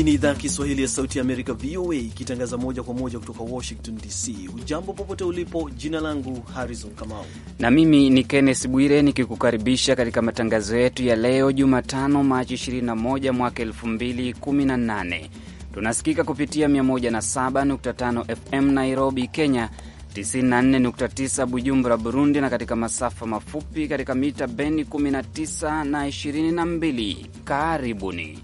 Hii ni idhaa ya Kiswahili ya Sauti ya Amerika, VOA, ikitangaza moja kwa moja kutoka Washington DC. Ujambo popote ulipo, jina langu Harrison Kamau na mimi ni Kenneth Bwire nikikukaribisha katika matangazo yetu ya leo Jumatano, Machi 21 mwaka 2018. Tunasikika kupitia 107.5 FM Nairobi, Kenya, 94.9 Bujumbura, Burundi, na katika masafa mafupi katika mita bendi 19 na 22. Karibuni.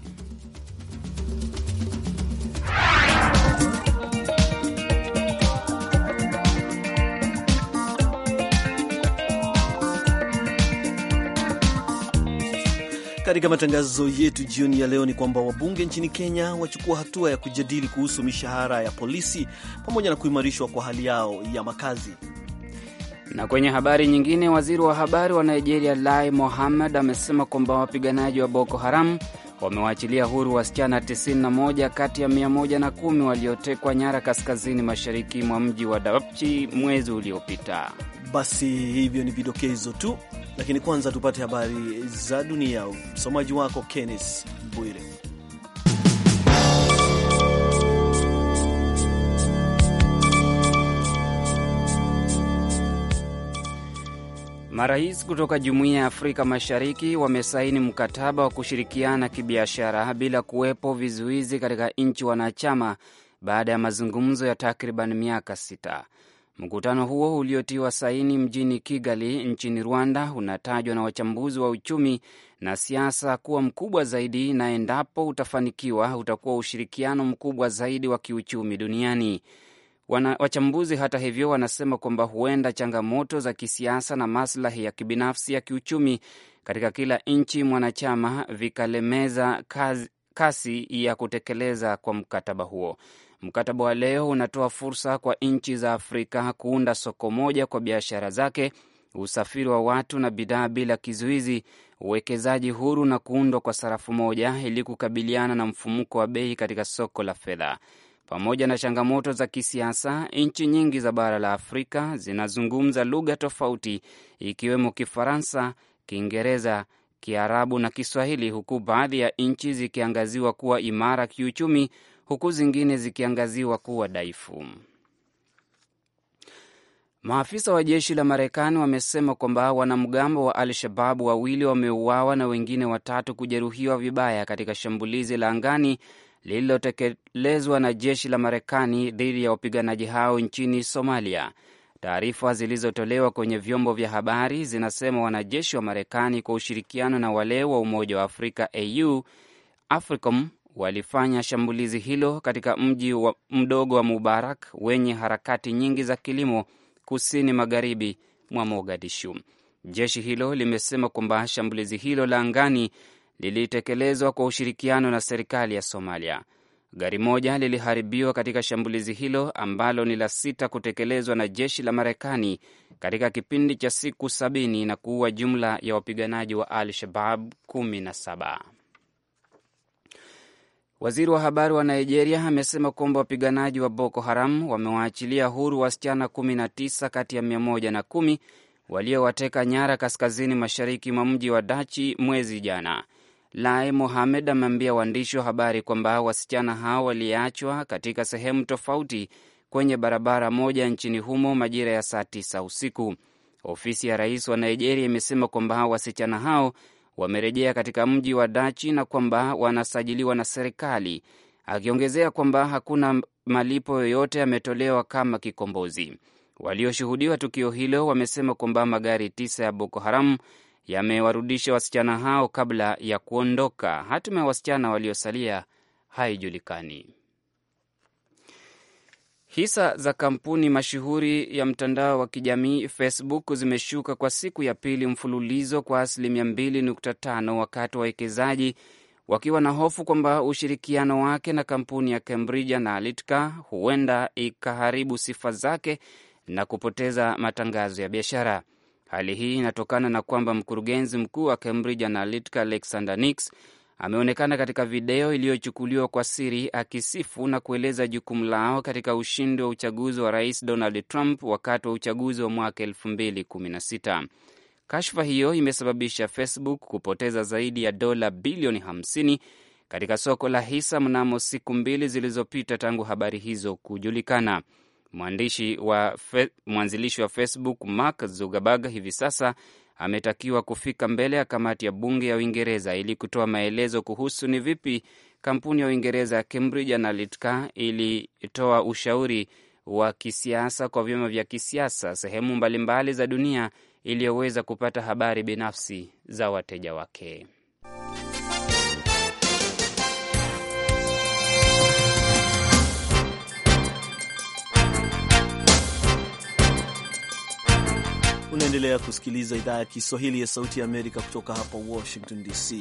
Katika matangazo yetu jioni ya leo ni kwamba wabunge nchini Kenya wachukua hatua ya kujadili kuhusu mishahara ya polisi pamoja na kuimarishwa kwa hali yao ya makazi. Na kwenye habari nyingine, waziri wa habari wa Nigeria Lai Mohammed amesema kwamba wapiganaji wa Boko Haram wamewaachilia huru wasichana 91 kati ya 110 waliotekwa nyara kaskazini mashariki mwa mji wa Dapchi mwezi uliopita. Basi hivyo ni vidokezo tu, lakini kwanza tupate habari za dunia. Msomaji wako Kennes Bwire. Marais kutoka Jumuiya ya Afrika Mashariki wamesaini mkataba wa kushirikiana kibiashara bila kuwepo vizuizi katika nchi wanachama baada ya mazungumzo ya takriban miaka sita. Mkutano huo uliotiwa saini mjini Kigali nchini Rwanda unatajwa na wachambuzi wa uchumi na siasa kuwa mkubwa zaidi, na endapo utafanikiwa utakuwa ushirikiano mkubwa zaidi wa kiuchumi duniani. Wana, wachambuzi hata hivyo wanasema kwamba huenda changamoto za kisiasa na maslahi ya kibinafsi ya kiuchumi katika kila nchi mwanachama vikalemeza kazi, kasi ya kutekeleza kwa mkataba huo. Mkataba wa leo unatoa fursa kwa nchi za Afrika kuunda soko moja kwa biashara zake, usafiri wa watu na bidhaa bila kizuizi, uwekezaji huru na kuundwa kwa sarafu moja ili kukabiliana na mfumuko wa bei katika soko la fedha. Pamoja na changamoto za kisiasa, nchi nyingi za bara la Afrika zinazungumza lugha tofauti ikiwemo Kifaransa, Kiingereza, Kiarabu na Kiswahili, huku baadhi ya nchi zikiangaziwa kuwa imara kiuchumi huku zingine zikiangaziwa kuwa dhaifu. Maafisa wa jeshi la Marekani wamesema kwamba wanamgambo wa Al-Shababu wawili wameuawa na wengine watatu kujeruhiwa vibaya katika shambulizi la angani lililotekelezwa na jeshi la Marekani dhidi ya wapiganaji hao nchini Somalia. Taarifa zilizotolewa kwenye vyombo vya habari zinasema wanajeshi wa Marekani kwa ushirikiano na wale wa Umoja wa Afrika au AFRICOM walifanya shambulizi hilo katika mji wa mdogo wa Mubarak wenye harakati nyingi za kilimo kusini magharibi mwa Mogadishu. Jeshi hilo limesema kwamba shambulizi hilo la angani lilitekelezwa kwa ushirikiano na serikali ya Somalia. Gari moja liliharibiwa katika shambulizi hilo ambalo ni la sita kutekelezwa na jeshi la Marekani katika kipindi cha siku sabini na kuua jumla ya wapiganaji wa Al Shabab kumi na saba. Waziri wa habari wa Nigeria amesema kwamba wapiganaji wa Boko Haram wamewaachilia huru wasichana 19 kati ya mia waliowateka nyara kaskazini mashariki mwa mji wa Dachi mwezi jana. Lai Mohamed ameambia waandishi wa habari kwamba wasichana hao waliachwa katika sehemu tofauti kwenye barabara moja nchini humo majira ya saa 9 usiku. Ofisi ya rais wa Nigeria imesema kwamba wasichana hao wamerejea katika mji wa Dachi na kwamba wanasajiliwa na serikali, akiongezea kwamba hakuna malipo yoyote yametolewa kama kikombozi. Walioshuhudiwa tukio hilo wamesema kwamba magari tisa ya Boko Haram yamewarudisha wasichana hao kabla ya kuondoka. Hatima ya wasichana waliosalia haijulikani. Hisa za kampuni mashuhuri ya mtandao wa kijamii Facebook zimeshuka kwa siku ya pili mfululizo kwa asilimia 2.5 wakati wawekezaji wakiwa na hofu kwamba ushirikiano wake na kampuni ya Cambridge Analytica huenda ikaharibu sifa zake na kupoteza matangazo ya biashara. Hali hii inatokana na kwamba mkurugenzi mkuu wa Cambridge Analytica Alexander Nix ameonekana katika video iliyochukuliwa kwa siri akisifu na kueleza jukumu lao katika ushindi wa uchaguzi wa rais Donald Trump wakati wa uchaguzi wa mwaka 216 Kashfa hiyo imesababisha Facebook kupoteza zaidi ya dola bilioni 50 katika soko la hisa mnamo siku mbili zilizopita tangu habari hizo kujulikana. Mwandishi wa mwanzilishi wa Facebook Mark Zuckerberg hivi sasa ametakiwa kufika mbele ya kamati ya bunge ya Uingereza ili kutoa maelezo kuhusu ni vipi kampuni ya Uingereza ya Cambridge Analytica ilitoa ushauri wa kisiasa kwa vyama vya kisiasa sehemu mbalimbali za dunia iliyoweza kupata habari binafsi za wateja wake. Unaendelea kusikiliza idhaa ya Kiswahili ya Sauti ya Amerika kutoka hapa Washington DC.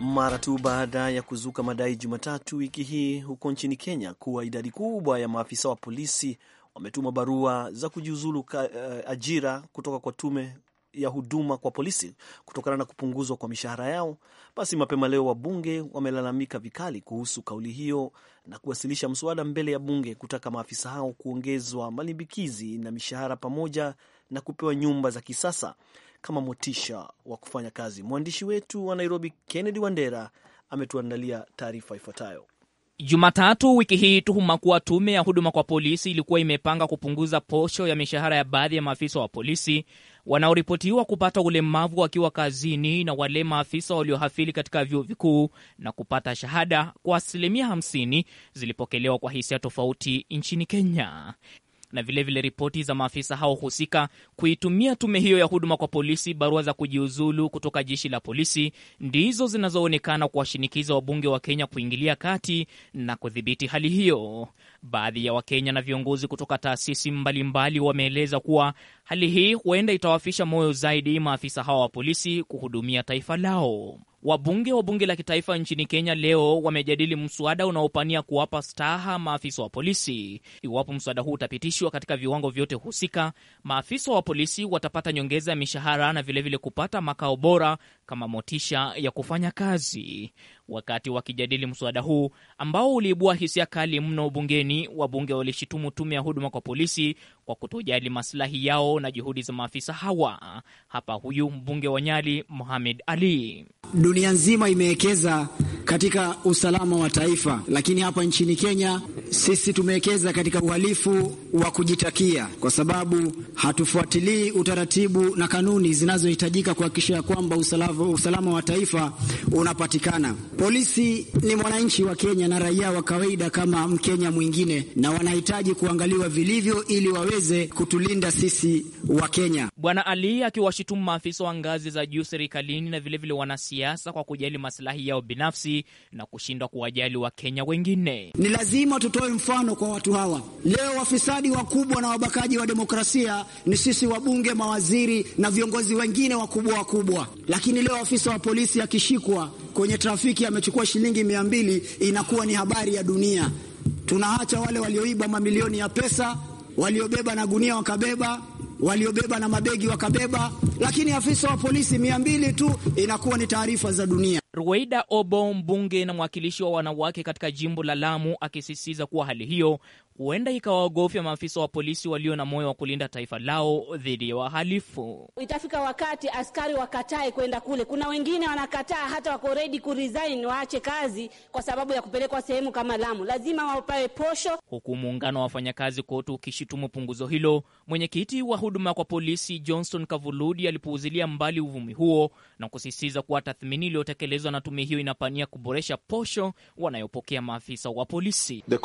Mara tu baada ya kuzuka madai Jumatatu wiki hii huko nchini Kenya kuwa idadi kubwa ya maafisa wa polisi wametuma barua za kujiuzulu eh, ajira kutoka kwa tume ya huduma kwa polisi kutokana na kupunguzwa kwa mishahara yao. Basi mapema leo wabunge wamelalamika vikali kuhusu kauli hiyo na kuwasilisha mswada mbele ya bunge kutaka maafisa hao kuongezwa malimbikizi na mishahara pamoja na kupewa nyumba za kisasa kama motisha wa kufanya kazi. Mwandishi wetu wa Nairobi, Kennedy Wandera, ametuandalia taarifa ifuatayo. Jumatatu wiki hii, tuhuma kuwa tume ya huduma kwa polisi ilikuwa imepanga kupunguza posho ya mishahara ya baadhi ya maafisa wa polisi wanaoripotiwa kupata ulemavu wakiwa kazini na wale maafisa waliohafili katika vyuo vikuu na kupata shahada kwa asilimia 50 zilipokelewa kwa hisia tofauti nchini Kenya na vilevile ripoti za maafisa hao husika kuitumia tume hiyo ya huduma kwa polisi, barua za kujiuzulu kutoka jeshi la polisi ndizo zinazoonekana kuwashinikiza wabunge wa Kenya kuingilia kati na kudhibiti hali hiyo. Baadhi ya Wakenya na viongozi kutoka taasisi mbalimbali wameeleza kuwa hali hii huenda itawafisha moyo zaidi maafisa hawa wa polisi kuhudumia taifa lao. Wabunge wa bunge la kitaifa nchini Kenya leo wamejadili mswada unaopania kuwapa staha maafisa wa polisi. Iwapo mswada huu utapitishwa katika viwango vyote husika, maafisa wa polisi watapata nyongeza ya mishahara na vilevile vile kupata makao bora kama motisha ya kufanya kazi. Wakati wakijadili mswada huu ambao uliibua hisia kali mno bungeni, wabunge walishitumu tume ya huduma kwa polisi kwa kutojali masilahi yao na juhudi za maafisa hawa. Hapa huyu mbunge wa Nyali Mohamed Ali. Dunia nzima imewekeza katika usalama wa taifa, lakini hapa nchini Kenya sisi tumewekeza katika uhalifu wa kujitakia, kwa sababu hatufuatilii utaratibu na kanuni zinazohitajika kuhakikisha ya kwamba usalama wa taifa unapatikana. Polisi ni mwananchi wa Kenya na raia wa kawaida kama Mkenya mwingine, na wanahitaji kuangaliwa vilivyo ili waweze waweze kutulinda sisi wa Kenya. Bwana Ali akiwashitumu maafisa wa ngazi za juu serikalini na vilevile wanasiasa kwa kujali masilahi yao binafsi na kushindwa kuwajali Wakenya wengine. Ni lazima tutoe mfano kwa watu hawa. Leo wafisadi wakubwa na wabakaji wa demokrasia ni sisi wabunge, mawaziri na viongozi wengine wakubwa wakubwa, lakini leo afisa wa polisi akishikwa kwenye trafiki amechukua shilingi mia mbili inakuwa ni habari ya dunia. Tunaacha wale walioiba mamilioni ya pesa waliobeba na gunia wakabeba, waliobeba na mabegi wakabeba, lakini afisa wa polisi mia mbili tu inakuwa ni taarifa za dunia. Ruweida Obo, mbunge na mwakilishi wa wanawake katika jimbo la Lamu, akisisitiza kuwa hali hiyo huenda ikawaogofya maafisa wa polisi walio na moyo wa kulinda taifa lao dhidi ya wahalifu. Itafika wakati askari wakatae kwenda kule. Kuna wengine wanakataa hata wako redi kuresign, waache kazi kwa sababu ya kupelekwa sehemu kama Lamu, lazima wapawe posho. Huku muungano wa wafanyakazi kotu ukishutumu punguzo hilo, mwenyekiti wa huduma kwa polisi Johnston Kavuludi alipuuzilia mbali uvumi huo na kusisitiza kuwa tathmini iliyotekelezwa na tume hiyo inapania kuboresha posho wanayopokea maafisa wa polisi. The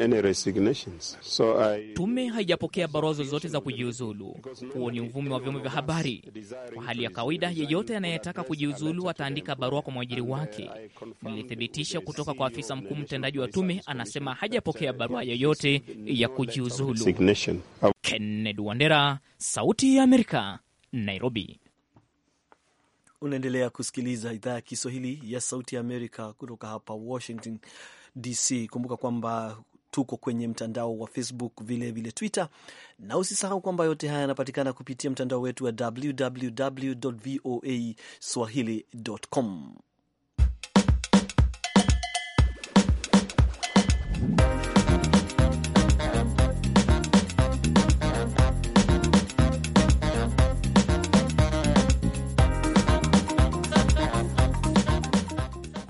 any resignations. So I... tume haijapokea barua zozote za kujiuzulu. Huo ni uvumi wa vyombo vya habari. Kwa hali ya kawaida, yeyote anayetaka kujiuzulu ataandika barua kwa mwajiri wake. Nilithibitisha kutoka kwa afisa mkuu mtendaji wa tume, anasema hajapokea barua yoyote ya kujiuzulu. Kennedy Wandera, Sauti ya Amerika, Nairobi. Unaendelea kusikiliza idhaa ya Kiswahili ya Sauti ya Amerika kutoka hapa Washington DC. Kumbuka kwamba tuko kwenye mtandao wa Facebook, vilevile vile Twitter, na usisahau kwamba yote haya yanapatikana kupitia mtandao wetu wa www voa swahili.com.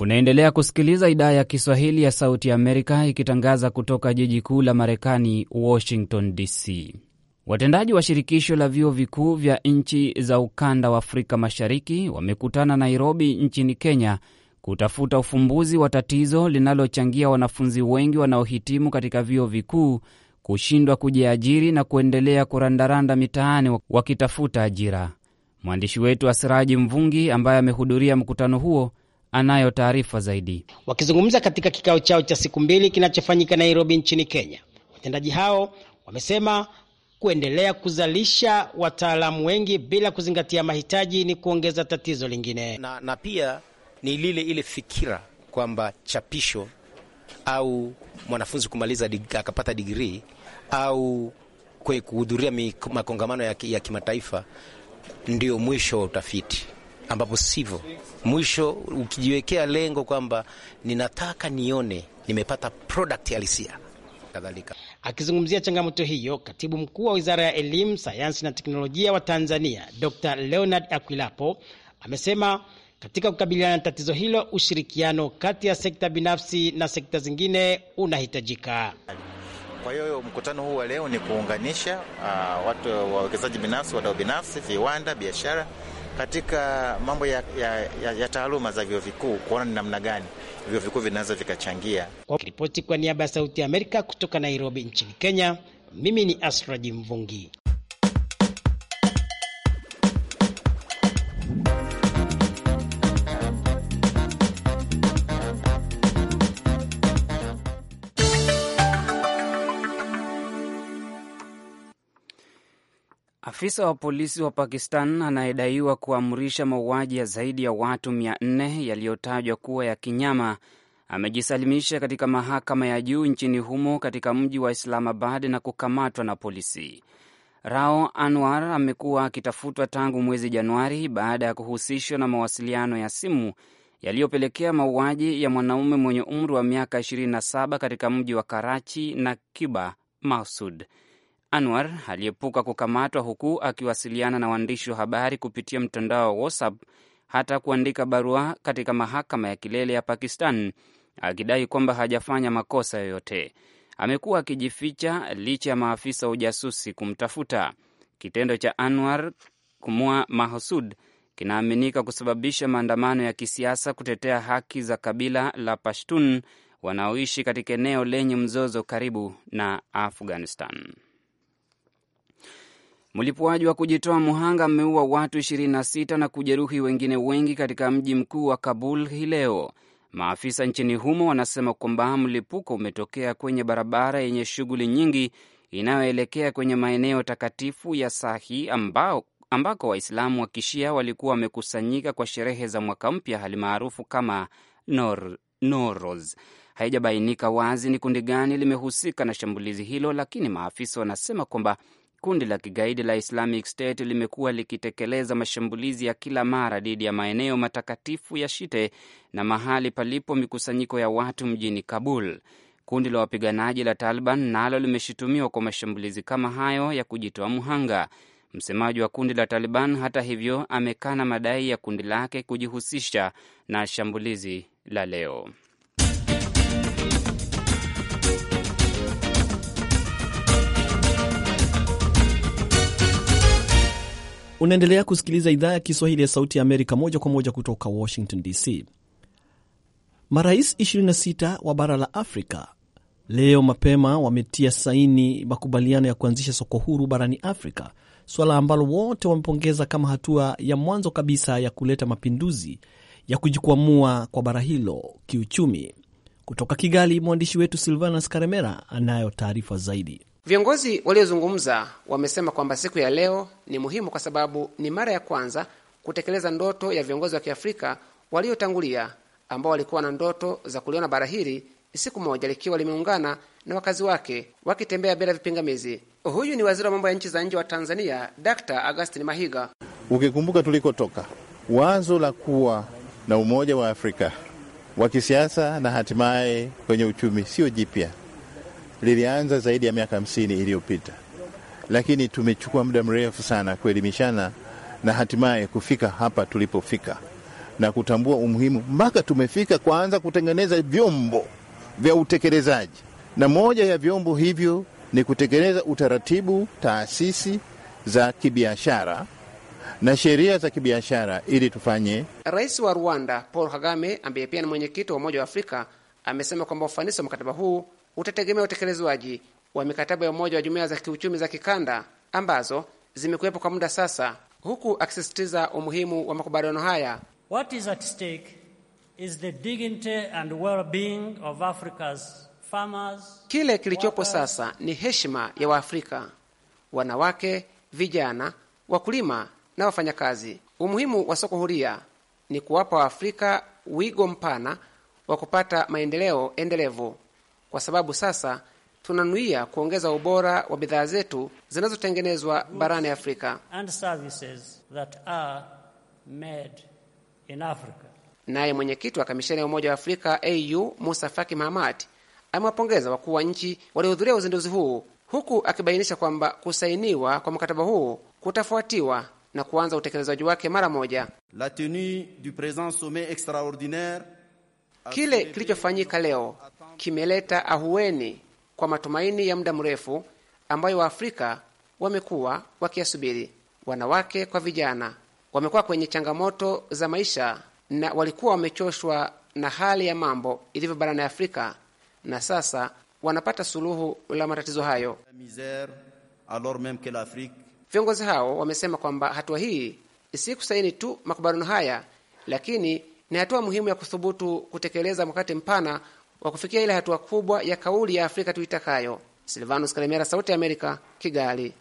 Unaendelea kusikiliza idhaa ya Kiswahili ya Sauti ya Amerika ikitangaza kutoka jiji kuu la Marekani, Washington DC. Watendaji wa shirikisho la vyuo vikuu vya nchi za ukanda wa Afrika Mashariki wamekutana Nairobi nchini Kenya kutafuta ufumbuzi wa tatizo linalochangia wanafunzi wengi wanaohitimu katika vyuo vikuu kushindwa kujiajiri na kuendelea kurandaranda mitaani wakitafuta ajira. Mwandishi wetu Asiraji Mvungi ambaye amehudhuria mkutano huo anayo taarifa zaidi. Wakizungumza katika kikao chao cha siku mbili kinachofanyika Nairobi nchini Kenya, watendaji hao wamesema kuendelea kuzalisha wataalamu wengi bila kuzingatia mahitaji ni kuongeza tatizo lingine, na, na pia ni lile ile fikira kwamba chapisho au mwanafunzi kumaliza dig, akapata digrii au kuhudhuria makongamano ya, ya kimataifa ndio mwisho wa utafiti ambapo sivyo. Mwisho ukijiwekea lengo kwamba ninataka nione nimepata product halisia kadhalika. Akizungumzia changamoto hiyo, katibu mkuu wa wizara ya elimu, sayansi na teknolojia wa Tanzania Dr Leonard Akwilapo amesema katika kukabiliana na tatizo hilo ushirikiano kati ya sekta binafsi na sekta zingine unahitajika. Kwa hiyo mkutano huu wa leo ni kuunganisha uh, watu wawekezaji binafsi, wadau binafsi, viwanda, biashara katika mambo ya, ya, ya, ya taaluma za vyuo vikuu kuona ni namna gani vyuo vikuu vinaweza vikachangia. Ripoti kwa niaba ya Sauti ya Amerika kutoka Nairobi nchini Kenya, mimi ni Asraji Mvungi. Afisa wa polisi wa Pakistan anayedaiwa kuamrisha mauaji ya zaidi ya watu 4 yaliyotajwa kuwa ya kinyama amejisalimisha katika mahakama ya juu nchini humo katika mji wa Islamabad na kukamatwa na polisi. Rao Anwar amekuwa akitafutwa tangu mwezi Januari baada ya kuhusishwa na mawasiliano ya simu yaliyopelekea mauaji ya mwanaume mwenye umri wa miaka 27 katika mji wa Karachi na Kiba Masud. Anwar aliepuka kukamatwa huku akiwasiliana na waandishi wa habari kupitia mtandao wa WhatsApp hata kuandika barua katika mahakama ya kilele ya Pakistan akidai kwamba hajafanya makosa yoyote. Amekuwa akijificha licha ya maafisa wa ujasusi kumtafuta. Kitendo cha Anwar kumua Mahsud kinaaminika kusababisha maandamano ya kisiasa kutetea haki za kabila la Pashtun wanaoishi katika eneo lenye mzozo karibu na Afghanistan. Mlipuaji wa kujitoa mhanga ameua watu 26 na kujeruhi wengine wengi katika mji mkuu wa Kabul hii leo. Maafisa nchini humo wanasema kwamba mlipuko umetokea kwenye barabara yenye shughuli nyingi inayoelekea kwenye maeneo takatifu ya Sahi ambao, ambako Waislamu wa Kishia walikuwa wamekusanyika kwa sherehe za mwaka mpya hali maarufu kama Nor, Noros. Haijabainika wazi ni kundi gani limehusika na shambulizi hilo, lakini maafisa wanasema kwamba Kundi la kigaidi la Islamic State limekuwa likitekeleza mashambulizi ya kila mara dhidi ya maeneo matakatifu ya Shite na mahali palipo mikusanyiko ya watu mjini Kabul. Kundi la wapiganaji la Taliban nalo limeshutumiwa kwa mashambulizi kama hayo ya kujitoa mhanga. Msemaji wa kundi la Taliban hata hivyo amekana madai ya kundi lake kujihusisha na shambulizi la leo. Unaendelea kusikiliza idhaa ya Kiswahili ya Sauti ya Amerika moja kwa moja kutoka Washington DC. Marais 26 wa bara la Afrika leo mapema wametia saini makubaliano ya kuanzisha soko huru barani Afrika, suala ambalo wote wamepongeza kama hatua ya mwanzo kabisa ya kuleta mapinduzi ya kujikwamua kwa bara hilo kiuchumi. Kutoka Kigali, mwandishi wetu Silvanus Karemera anayo taarifa zaidi. Viongozi waliozungumza wamesema kwamba siku ya leo ni muhimu kwa sababu ni mara ya kwanza kutekeleza ndoto ya viongozi wa Kiafrika waliotangulia ambao walikuwa na ndoto za kuliona bara hili siku moja likiwa limeungana na wakazi wake wakitembea bila vipingamizi. Huyu ni waziri wa mambo ya nchi za nje wa Tanzania, Dr. augustin Mahiga. Ukikumbuka tulikotoka, wazo la kuwa na umoja wa Afrika wa kisiasa na hatimaye kwenye uchumi sio jipya, lilianza zaidi ya miaka hamsini iliyopita, lakini tumechukua muda mrefu sana kuelimishana na hatimaye kufika hapa tulipofika na kutambua umuhimu mpaka tumefika kuanza kutengeneza vyombo vya utekelezaji, na moja ya vyombo hivyo ni kutengeneza utaratibu, taasisi za kibiashara na sheria za kibiashara ili tufanye. Rais wa Rwanda Paul Kagame, ambaye pia ni mwenyekiti wa Umoja wa Afrika, amesema kwamba ufanisi wa mkataba huu utategemea utekelezwaji wa mikataba ya Umoja wa Jumuiya za Kiuchumi za Kikanda ambazo zimekuwepo kwa muda sasa, huku akisisitiza umuhimu wa makubaliano haya. What is at stake is the dignity and well-being of Africa's farmers. Kile kilichopo sasa ni heshima ya Waafrika, wanawake, vijana, wakulima na wafanyakazi. Umuhimu wa soko huria ni kuwapa Waafrika wigo mpana wa kupata maendeleo endelevu kwa sababu sasa tunanuia kuongeza ubora wa bidhaa zetu zinazotengenezwa barani Afrika naye mwenyekiti wa kamisheni ya Umoja wa Afrika AU Musa Faki Mahamat amewapongeza wakuu wa nchi waliohudhuria uzinduzi huu huku akibainisha kwamba kusainiwa kwa mkataba huu kutafuatiwa na kuanza utekelezaji wake mara moja. La tenue du present sommet extraordinaire, kile kilichofanyika leo kimeleta ahueni kwa matumaini ya muda mrefu ambayo Waafrika wamekuwa wakiyasubiri. Wanawake kwa vijana wamekuwa kwenye changamoto za maisha na walikuwa wamechoshwa na hali ya mambo ilivyo barani Afrika, na sasa wanapata suluhu la matatizo hayo. Viongozi hao wamesema kwamba hatua hii si kusaini tu makubaliano haya, lakini ni hatua muhimu ya kuthubutu kutekeleza mkakati mpana wa kufikia ile hatua kubwa ya kauli ya Afrika tuitakayo. Silvanus Kalemera, Sauti ya Amerika, Kigali.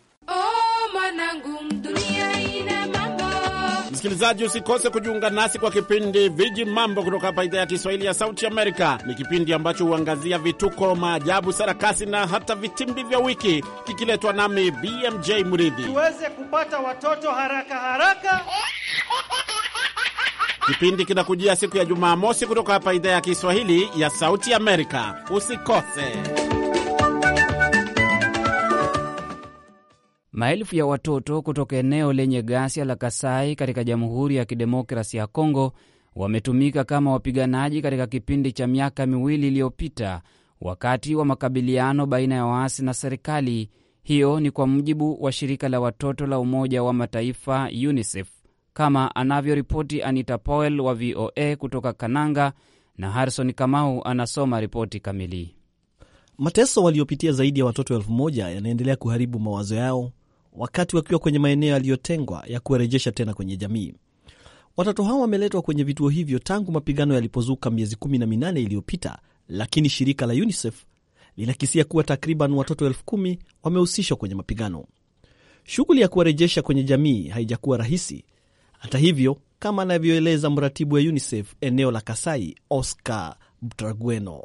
Msikilizaji, usikose kujiunga nasi kwa kipindi Viji Mambo kutoka hapa idhaa ya Kiswahili ya Sauti Amerika. Ni kipindi ambacho huangazia vituko, maajabu, sarakasi na hata vitimbi vya wiki, kikiletwa nami BMJ Muridhi, tuweze kupata watoto haraka haraka Kipindi kinakujia siku ya Jumamosi kutoka hapa idhaa ya Kiswahili ya Sauti Amerika. Usikose. Maelfu ya watoto kutoka eneo lenye ghasia la Kasai katika Jamhuri ya Kidemokrasi ya Kongo wametumika kama wapiganaji katika kipindi cha miaka miwili iliyopita wakati wa makabiliano baina ya waasi na serikali. Hiyo ni kwa mujibu wa shirika la watoto la Umoja wa Mataifa UNICEF kama anavyoripoti Anita Powell wa VOA kutoka Kananga, na Harrison Kamau anasoma ripoti kamili. Mateso waliopitia zaidi ya watoto elfu moja yanaendelea kuharibu mawazo yao wakati wakiwa kwenye maeneo yaliyotengwa ya kuwarejesha tena kwenye jamii. Watoto hao wameletwa kwenye vituo hivyo tangu mapigano yalipozuka miezi 18 iliyopita, lakini shirika la UNICEF linakisia kuwa takriban watoto elfu kumi wamehusishwa kwenye mapigano. Shughuli ya kuwarejesha kwenye jamii haijakuwa rahisi, hata hivyo kama anavyoeleza mratibu wa UNICEF eneo la Kasai, Oscar Mtragweno,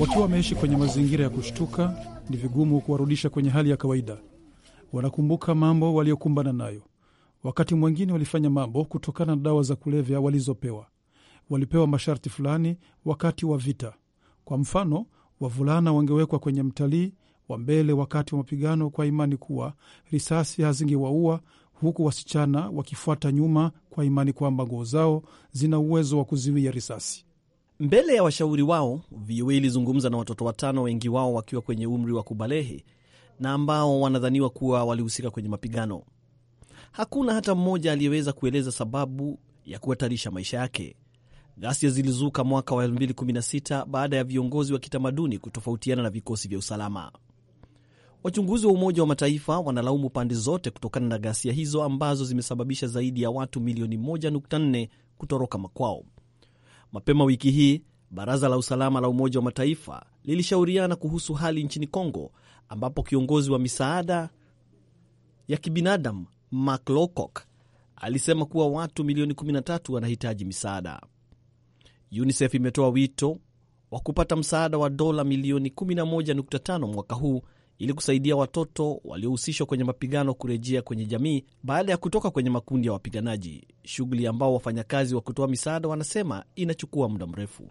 wakiwa wameishi kwenye mazingira ya kushtuka, ni vigumu kuwarudisha kwenye hali ya kawaida. Wanakumbuka mambo waliokumbana nayo. Wakati mwingine walifanya mambo kutokana na dawa za kulevya walizopewa. Walipewa masharti fulani wakati wa vita. Kwa mfano, wavulana wangewekwa kwenye mtalii wa mbele wakati wa mapigano kwa imani kuwa risasi hazingewaua huku wasichana wakifuata nyuma kwa imani kwamba nguo zao zina uwezo wa kuziwia risasi. Mbele ya washauri wao, VOA ilizungumza na watoto watano, wengi wao wakiwa kwenye umri wa kubalehe na ambao wanadhaniwa kuwa walihusika kwenye mapigano. Hakuna hata mmoja aliyeweza kueleza sababu ya kuhatarisha maisha yake. Ghasia zilizuka mwaka wa 2016 baada ya viongozi wa kitamaduni kutofautiana na vikosi vya usalama. Wachunguzi wa Umoja wa Mataifa wanalaumu pande zote kutokana na ghasia hizo ambazo zimesababisha zaidi ya watu milioni 1.4 kutoroka makwao. Mapema wiki hii Baraza la Usalama la Umoja wa Mataifa lilishauriana kuhusu hali nchini Kongo, ambapo kiongozi wa misaada ya kibinadamu Mark Lowcock alisema kuwa watu milioni 13 wanahitaji misaada. UNICEF imetoa wito wa kupata msaada wa dola milioni 11.5 mwaka huu ili kusaidia watoto waliohusishwa kwenye mapigano kurejea kwenye jamii baada ya kutoka kwenye makundi ya wapiganaji, shughuli ambao wafanyakazi wa kutoa misaada wanasema inachukua muda mrefu.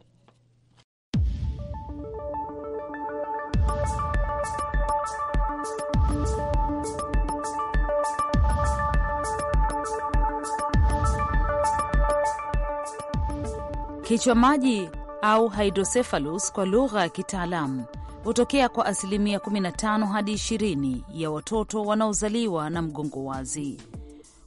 Kichwa maji au hydrocephalus kwa lugha ya kitaalamu hutokea kwa asilimia 15 hadi 20 ya watoto wanaozaliwa na mgongo wazi.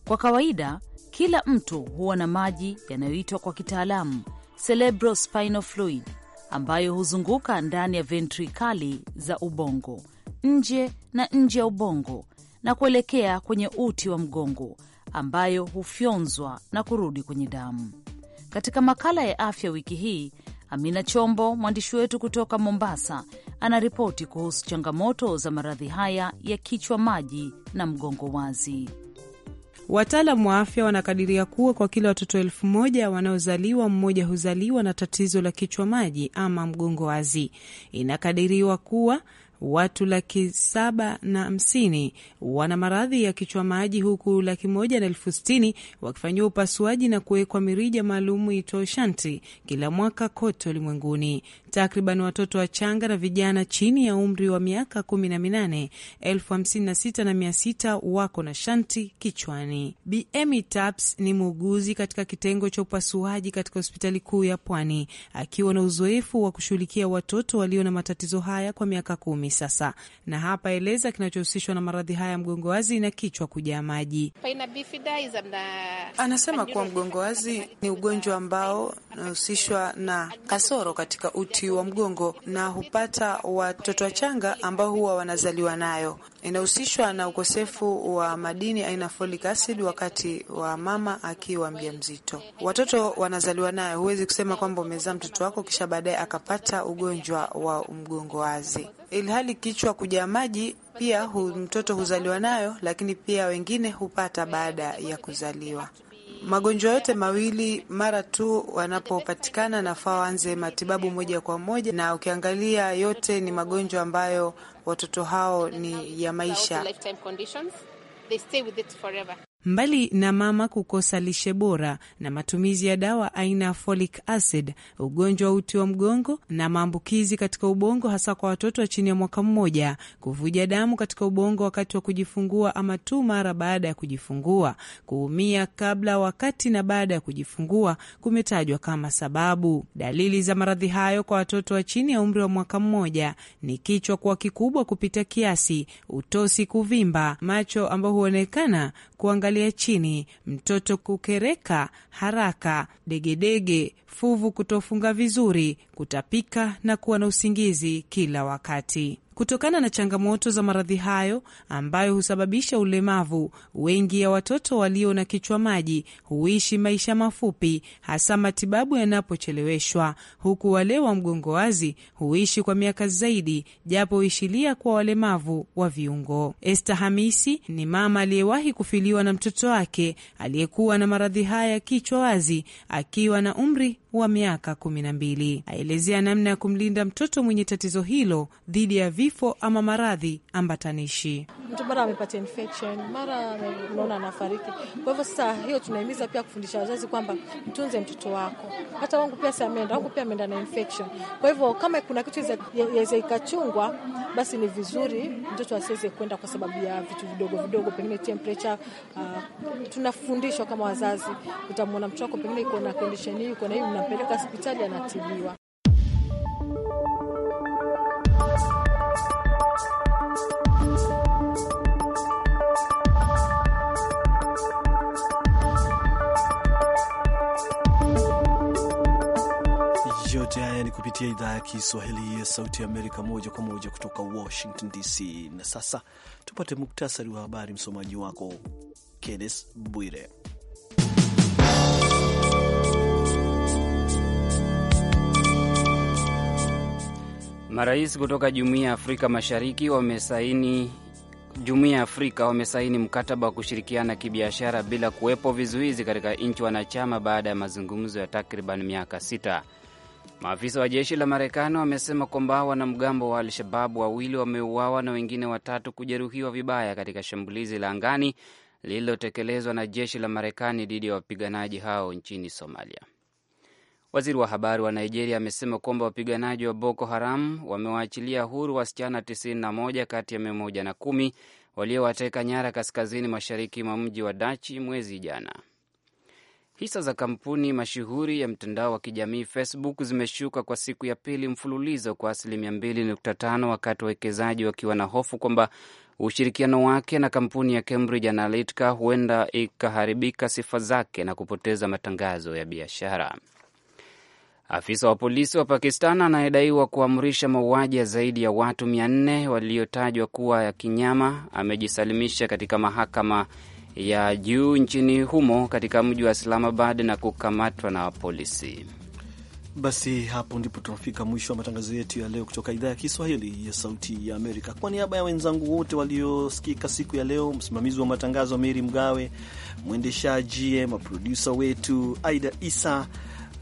Kwa kawaida, kila mtu huwa na maji yanayoitwa kwa kitaalamu cerebrospinal fluid ambayo huzunguka ndani ya ventrikali za ubongo, nje na nje ya ubongo na kuelekea kwenye uti wa mgongo ambayo hufyonzwa na kurudi kwenye damu. Katika makala ya afya wiki hii, Amina Chombo, mwandishi wetu kutoka Mombasa, anaripoti kuhusu changamoto za maradhi haya ya kichwa maji na mgongo wazi. wataalam wa afya wanakadiria kuwa kwa kila watoto elfu moja wanaozaliwa mmoja huzaliwa na tatizo la kichwa maji ama mgongo wazi. Inakadiriwa kuwa watu laki saba na hamsini wana maradhi ya kichwa maji huku laki moja na elfu sitini wakifanyiwa upasuaji na kuwekwa mirija maalumu itoe shanti kila mwaka kote ulimwenguni takriban watoto wachanga na vijana chini ya umri wa miaka kumi na minane elfu hamsini na sita na mia sita wako na shanti kichwani. Bmi Taps ni muuguzi katika kitengo cha upasuaji katika hospitali kuu ya Pwani, akiwa na uzoefu wa kushughulikia watoto walio na matatizo haya kwa miaka kumi sasa, na hapa eleza kinachohusishwa na maradhi haya ya mgongo wazi na kichwa kujaa maji. Uh, Anasema kuwa mgongo wazi ni ugonjwa ambao wanahusishwa na kasoro katika uti wa mgongo na hupata watoto wachanga ambao huwa wanazaliwa nayo. Inahusishwa na ukosefu wa madini aina folic acid wakati wa mama akiwa mzito Watoto wanazaliwa nayo, huwezi kusema kwamba umezaa mtoto wako kisha baadaye akapata ugonjwa wa mgongo wazi, ilhali kichwa kujaa maji pia hu, mtoto huzaliwa nayo, lakini pia wengine hupata baada ya kuzaliwa. Magonjwa yote mawili mara tu wanapopatikana nafaa waanze matibabu moja kwa moja, na ukiangalia yote ni magonjwa ambayo watoto hao ni ya maisha. Mbali na mama kukosa lishe bora na matumizi ya dawa aina ya folic acid, ugonjwa wa uti wa mgongo na maambukizi katika ubongo, hasa kwa watoto wa chini ya mwaka mmoja, kuvuja damu katika ubongo wakati wa kujifungua ama tu mara baada ya kujifungua, kuumia kabla, wakati na baada ya kujifungua kumetajwa kama sababu. Dalili za maradhi hayo kwa watoto wa chini ya umri wa mwaka mmoja ni kichwa kuwa kikubwa kupita kiasi, utosi kuvimba, macho ambao huonekana kuangalia chini, mtoto kukereka haraka, degedege, fuvu kutofunga vizuri, kutapika na kuwa na usingizi kila wakati. Kutokana na changamoto za maradhi hayo ambayo husababisha ulemavu, wengi ya watoto walio na kichwa maji huishi maisha mafupi, hasa matibabu yanapocheleweshwa, huku wale wa mgongo wazi huishi kwa miaka zaidi, japo huishilia kwa walemavu wa viungo. Esther Hamisi ni mama aliyewahi kufiliwa na mtoto wake aliyekuwa na maradhi haya ya kichwa wazi akiwa na umri wa miaka kumi na mbili. Aelezea namna ya kumlinda mtoto mwenye tatizo hilo dhidi ya vifo ama maradhi ambatanishi. Mtu mara amepata infection, mara unaona anafariki. Kwa hivyo sasa, hiyo tunahimiza pia kufundisha wazazi kwamba mtunze mtoto wako. Hata wangu pia siameenda, wangu pia ameenda na infection. Kwa hivyo kama kuna kitu yaweza ikachungwa, basi ni vizuri mtoto asiweze kwenda kwa sababu ya vitu vidogo vidogo, pengine temperature. Uh, tunafundishwa kama wazazi, utamwona mtoto wako pengine iko na condition hii, iko na hii, mnampeleka hospitali, anatibiwa. kupitia idhaa ya Kiswahili ya Sauti ya Amerika moja kwa moja kutoka Washington DC. Na sasa tupate muktasari wa habari, msomaji wako Kennes Bwire. Marais kutoka Jumuia ya Afrika Mashariki wamesaini Jumuia ya Afrika wamesaini mkataba wa kushirikiana kibiashara bila kuwepo vizuizi katika nchi wanachama baada ya mazungumzo ya takriban miaka sita. Maafisa wa jeshi la Marekani wamesema kwamba wanamgambo wa Al-Shababu wawili wameuawa na wengine watatu kujeruhiwa vibaya katika shambulizi la angani lililotekelezwa na jeshi la Marekani dhidi ya wapiganaji hao nchini Somalia. Waziri wa habari wa Nigeria amesema kwamba wapiganaji wa Boko Haram wamewaachilia huru wasichana 91 kati ya 110 waliowateka nyara kaskazini mashariki mwa mji wa Dachi mwezi jana. Hisa za kampuni mashuhuri ya mtandao wa kijamii Facebook zimeshuka kwa siku ya pili mfululizo kwa asilimia 2.5 wakati wawekezaji wakiwa na hofu kwamba ushirikiano wake na kampuni ya Cambridge Analytica huenda ikaharibika sifa zake na kupoteza matangazo ya biashara. Afisa wa polisi wa Pakistan anayedaiwa kuamrisha mauaji ya zaidi ya watu 400 waliotajwa kuwa ya kinyama amejisalimisha katika mahakama ya juu nchini humo katika mji wa Islamabad na kukamatwa na polisi. Basi hapo ndipo tunafika mwisho wa matangazo yetu ya leo kutoka idhaa ya Kiswahili ya Sauti ya Amerika. Kwa niaba ya wenzangu wote waliosikika siku ya leo, msimamizi wa matangazo Meri Mgawe, mwendeshaji, maprodusa wetu Aida Isa,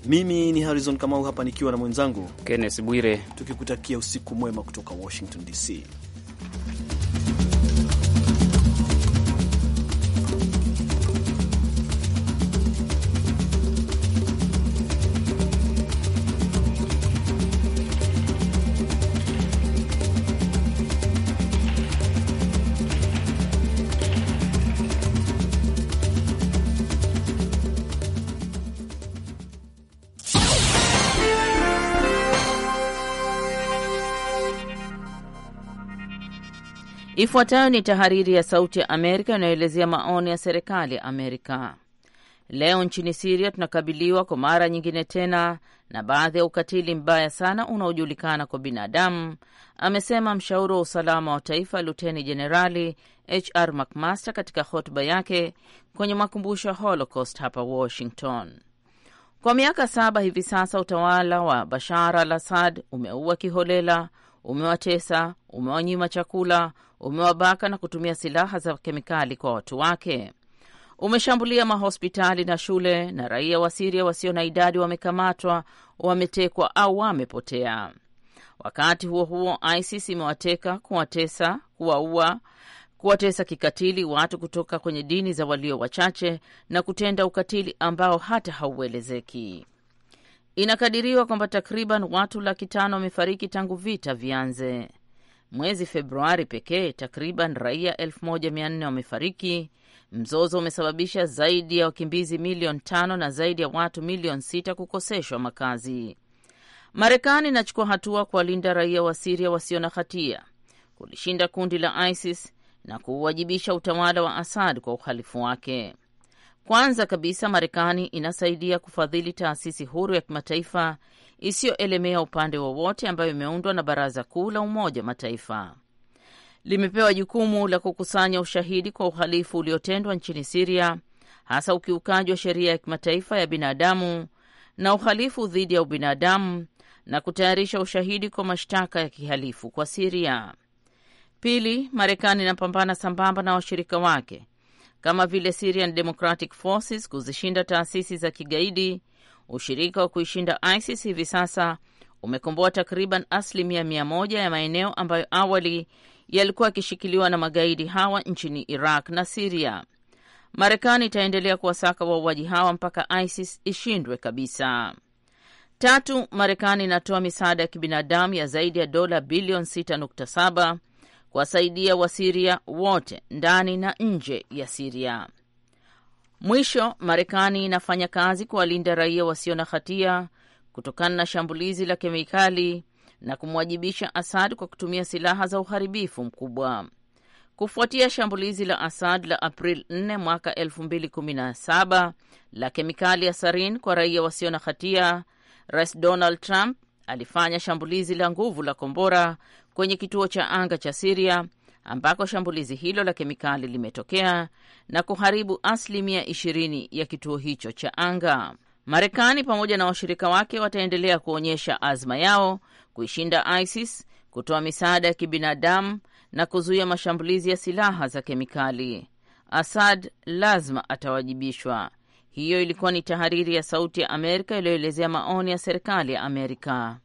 mimi ni Harrison Kamau hapa nikiwa na mwenzangu Kenneth Bwire, tukikutakia usiku mwema kutoka Washington DC. Ifuatayo ni tahariri ya Sauti ya Amerika inayoelezea maoni ya serikali ya Amerika. Leo nchini Siria tunakabiliwa kwa mara nyingine tena na baadhi ya ukatili mbaya sana unaojulikana kwa binadamu, amesema mshauri wa usalama wa taifa Luteni Jenerali HR McMaster katika hotuba yake kwenye makumbusho ya Holocaust hapa Washington. Kwa miaka saba hivi sasa utawala wa Bashar al Assad umeua kiholela, umewatesa, umewanyima chakula, umewabaka na kutumia silaha za kemikali kwa watu wake. Umeshambulia mahospitali na shule, na raia wa Siria wasio na idadi wamekamatwa, wametekwa au wamepotea. Wakati huo huo, ISIS imewateka, kuwatesa, kuwaua, kuwatesa kikatili watu kutoka kwenye dini za walio wachache na kutenda ukatili ambao hata hauelezeki. Inakadiriwa kwamba takriban watu laki tano wamefariki tangu vita vianze. Mwezi Februari pekee takriban raia 1400 wamefariki. Mzozo umesababisha zaidi ya wakimbizi milioni tano na zaidi ya watu milioni sita kukoseshwa makazi. Marekani inachukua hatua kuwalinda raia wa Siria wasio na hatia, kulishinda kundi la ISIS na kuuwajibisha utawala wa Asad kwa uhalifu wake. Kwanza kabisa, Marekani inasaidia kufadhili taasisi huru ya kimataifa isiyoelemea upande wowote ambayo imeundwa na Baraza Kuu la Umoja wa Mataifa. Limepewa jukumu la kukusanya ushahidi kwa uhalifu uliotendwa nchini Siria, hasa ukiukaji wa sheria ya kimataifa ya binadamu na uhalifu dhidi ya ubinadamu na kutayarisha ushahidi kwa mashtaka ya kihalifu kwa Siria. Pili, Marekani inapambana sambamba na washirika wake kama vile Syrian Democratic Forces kuzishinda taasisi za kigaidi Ushirika wa kuishinda ISIS hivi sasa umekomboa takriban asilimia mia moja ya maeneo ambayo awali yalikuwa yakishikiliwa na magaidi hawa nchini Iraq na Siria. Marekani itaendelea kuwasaka wauaji hawa mpaka ISIS ishindwe kabisa. Tatu, Marekani inatoa misaada ya kibinadamu ya zaidi ya dola bilioni 6.7 kuwasaidia Wasiria wote ndani na nje ya Siria. Mwisho, Marekani inafanya kazi kuwalinda raia wasio na hatia kutokana na shambulizi la kemikali na kumwajibisha Asad kwa kutumia silaha za uharibifu mkubwa. Kufuatia shambulizi la Asad la April 4 mwaka 2017 la kemikali ya sarin kwa raia wasio na hatia, Rais Donald Trump alifanya shambulizi la nguvu la kombora kwenye kituo cha anga cha Siria ambako shambulizi hilo la kemikali limetokea na kuharibu asilimia ishirini ya kituo hicho cha anga. Marekani pamoja na washirika wake wataendelea kuonyesha azma yao kuishinda ISIS, kutoa misaada ya kibinadamu na kuzuia mashambulizi ya silaha za kemikali. Assad lazima atawajibishwa. Hiyo ilikuwa ni tahariri ya Sauti ya Amerika iliyoelezea maoni ya serikali ya Amerika.